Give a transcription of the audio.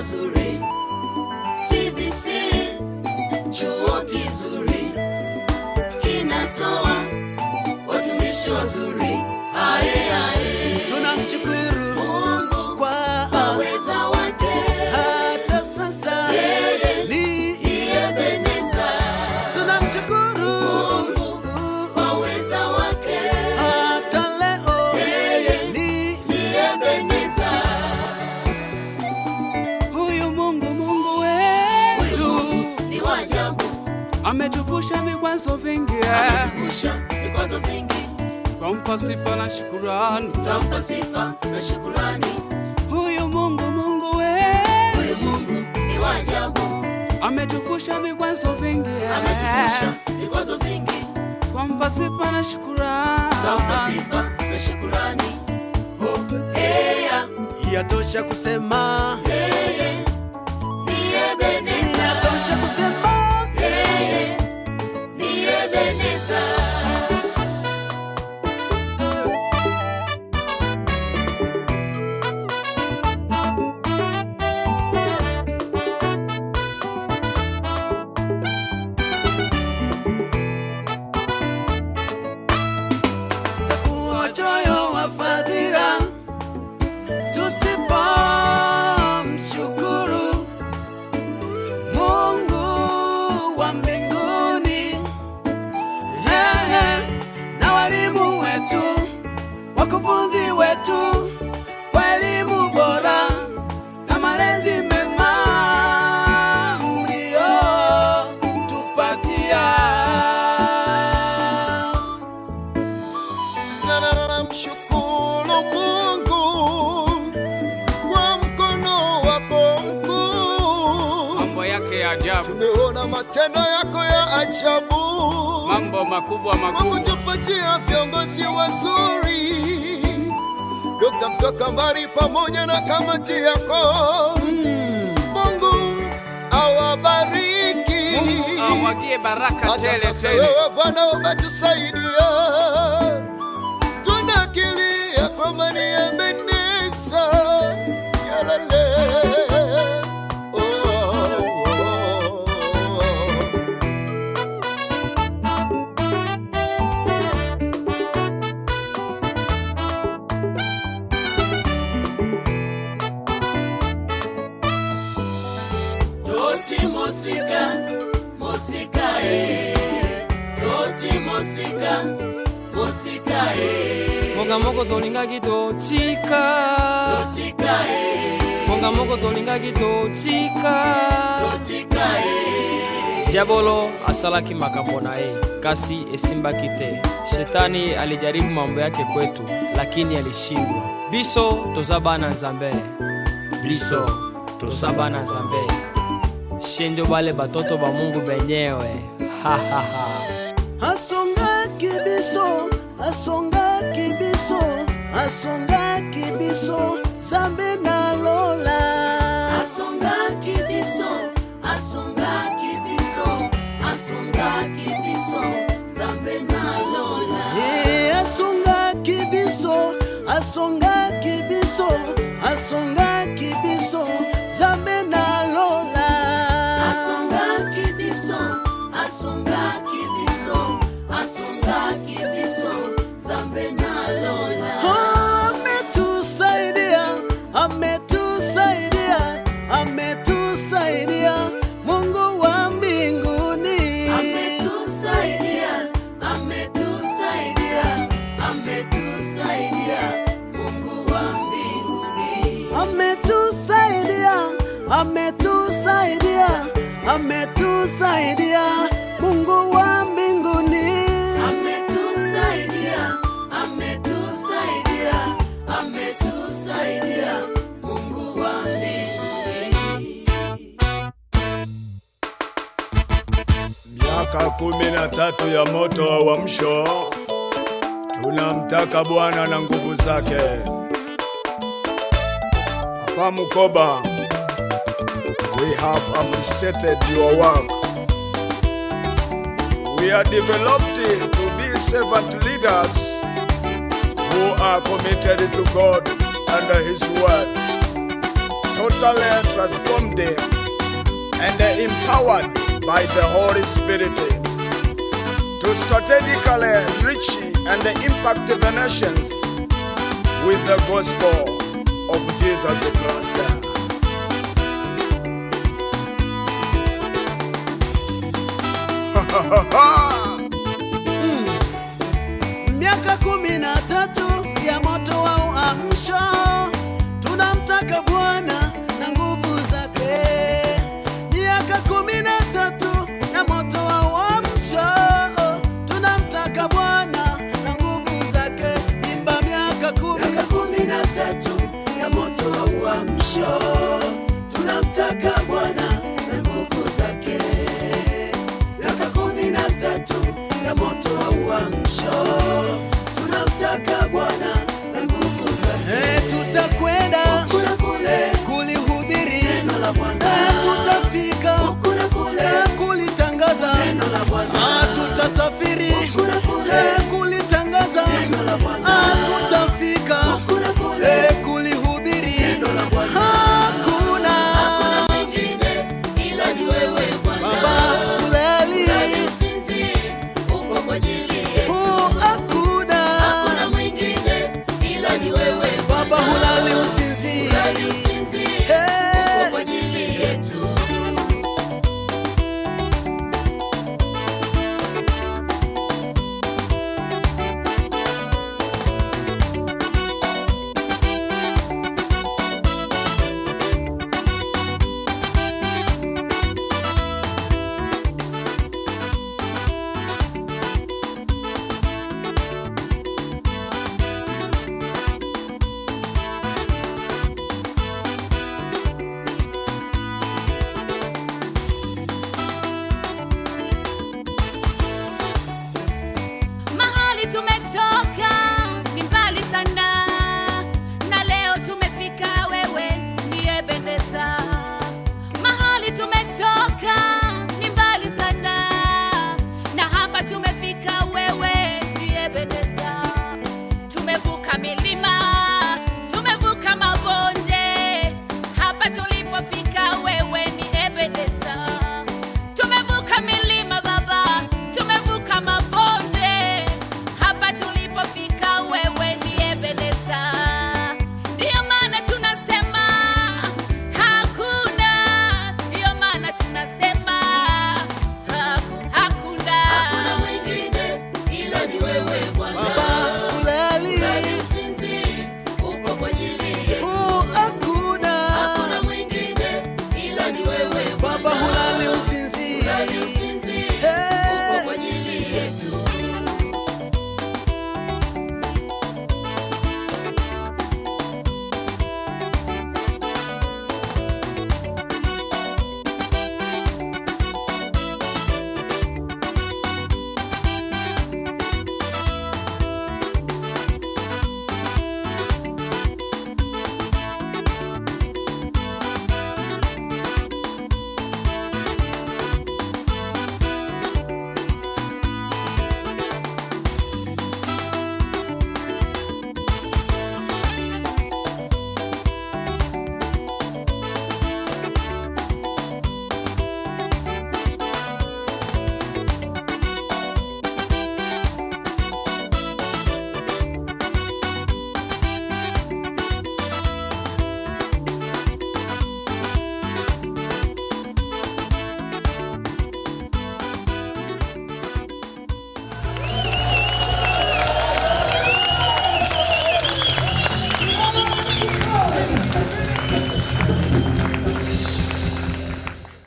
mazuri. CBC chuo kizuri kinatoa watumishi wazuri. Ae, ae. Tunamshukuru ametuvusha vikwazo vingi, eh. tampa sifa na shukurani. Huyu Mungu, Mungu we, ametuvusha vikwazo vingi, eh. tampa sifa na shukurani. Oh, Yatosha kusema, Ni Ebeneza. Yatosha kusema answer. Mshukuru Mungu kwa mkono wako mkuu, yake ya ajabu. Tumeona matendo yako ya ajabu, mambo makubwa makubwa. Wakutupatia viongozi wazuri, Dr. Mtwakambari pamoja na kamati yako. Mungu awabariki, awagie baraka tele tele. Wewe Bwana umetusaidia مليا بالنساء bonga moko tolingaki totika eh. bonga moko tolingaki totika eh. diabolo asalaki makambo na ye kasi esimbaki te shetani alijaribu mambo yake kwetu lakini alishindwa biso toza bana nzambe biso toza bana nzambe shendo bale batoto ba mungu benyewe hasongaki biso asongaki biso asongaki biso zambe na ametusaidia Mungu wa mbinguni ametusaidia, ametusaidia, ametusaidia Mungu wa mbinguni. Miaka kumi na tatu ya moto wa uamsho, tunamtaka Bwana na nguvu zake. Papa Mkoba We have appreciated your work. We are developing to be servant leaders who are committed to God and His Word, totally transformed and empowered by the Holy Spirit to strategically reach and impact the nations with the gospel of Jesus Christ. ha ha! nasafiri kule eh, kule umetoka